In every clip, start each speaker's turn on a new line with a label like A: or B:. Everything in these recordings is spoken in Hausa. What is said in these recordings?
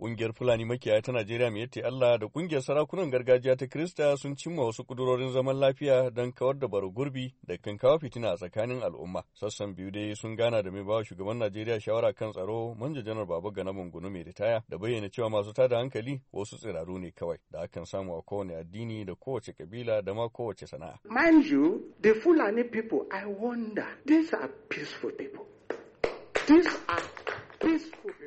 A: Kungiyar Fulani makiyaya ta Najeriya mai yatti Allah da kungiyar sarakunan gargajiya ta Krista sun cimma wasu kudurorin zaman lafiya don kawar da baro gurbi da kan kawo fitina a tsakanin al'umma. Sassan biyu dai sun gana da mai bawa shugaban Najeriya shawara kan tsaro manja janar Baba Gana mungunu mai ritaya da bayyana cewa masu tada hankali wasu tsiraru ne kawai da akan samu a kowane addini da kowace kabila da ma kowace sana'a.
B: Mind you, the Fulani people, I wonder, these are
A: peaceful people. These are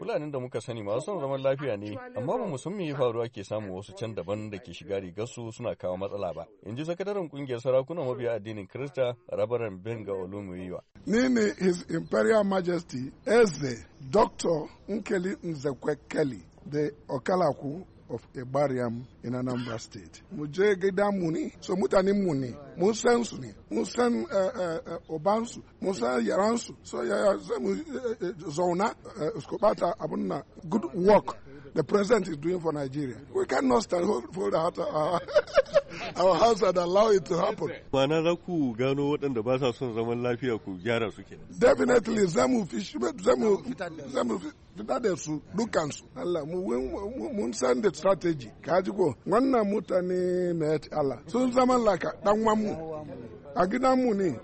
A: Fulanin da muka sani masu son zaman lafiya ne, amma ba mu san me faruwa ke samu wasu can daban da ke shiga rigarsu suna kawo matsala ba. In ji sakataren kungiyar sarakunan mabiya addinin Kirista, Rabaran Benga Olumuyiwa.
C: Ni ne His Imperial Majesty Eze Dr. Nkeli Nzekwekeli da Okalaku of Ibariam in Anambra State. Mu je gida mu ne, so mutane mu ne, mun san su ne, mun san eh, eh, eh, obansu, mun san su so yaya mu zauna su bata abin good work the president is doing for Nigeria. We cannot stand hold, hold our our house and allow it to happen.
A: Ma'ana za ku gano waɗanda ba sa son zaman lafiya ku gyara su ke
C: Definitely za mu fi da su dukansu. Allah mun san da strategy. Ka ji ko wannan mutane na Allah sun zaman laka ɗan mu. A gidanmu ne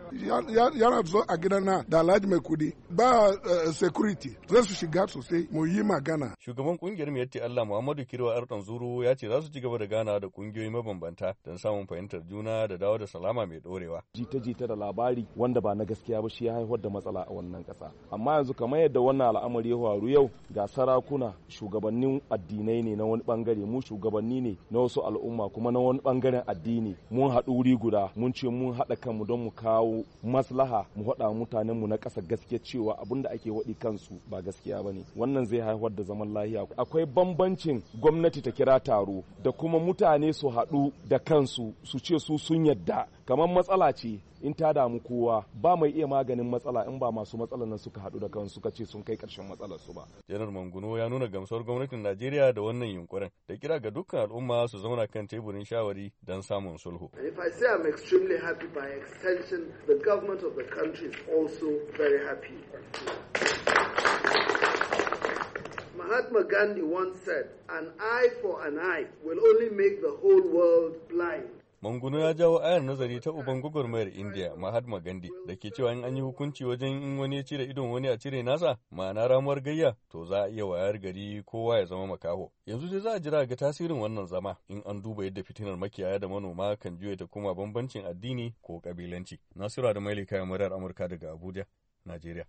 C: yana zo a gidana da alhaji mai kudi ba eh, security za su shiga sosai mu yi magana.
A: Shugaban kungiyar mu yatti Allah Muhammadu Kirwa Ardan Zuru ya ce za su ci gaba da gana da kungiyoyi mabambanta don samun fahimtar juna da dawo da salama mai ɗorewa.
B: Jita-jita da labari wanda ba na gaskiya ba shi ya haifar da matsala a wannan kasa Amma yanzu kamar yadda wannan al'amari ya faru yau ga sarakuna shugabannin addinai ne na wani bangare mu shugabanni ne na wasu al'umma kuma na wani bangaren addini mun haɗu wuri guda mun ce mun haɗa kanmu don mu kawo maslaha mu haɗa mutanenmu na ƙasa gaskiya cewa cewa abun da ake waɗi kansu ba gaskiya ba ne wannan zai haifar da zaman lahiya akwai bambancin gwamnati ta kira taro da kuma mutane su haɗu da kansu su ce su sun yadda kamar matsala ce in ta damu kowa ba mai iya maganin matsala in ba masu matsalar nan suka haɗu da kansu suka ce sun kai ƙarshen matsalar su ba.
A: Janar Manguno ya nuna gamsuwar gwamnatin Najeriya da wannan yunkurin da kira ga dukkan al'umma su zauna kan teburin shawari don samun sulhu.
C: If I say I'm extremely happy by extension, the government of the country is also very happy. Mahatma Gandhi once said, an eye for an eye will only make the whole world blind.
A: Manguno ya jawo ayar nazari ta uban gwagwarmayar India Mahatma Gandhi da ke cewa in an yi hukunci wajen in wani ya cire idon wani a cire nasa ma'ana ramuwar gayya to za a iya wayar gari kowa ya zama makaho. Yanzu dai za a jira ga tasirin wannan zama in an duba yadda fitinar makiyaya da manoma kan juya ta kuma bambancin addini ko kabilanci. Nasira da Mailika Murar Amurka daga Abuja, Najeriya.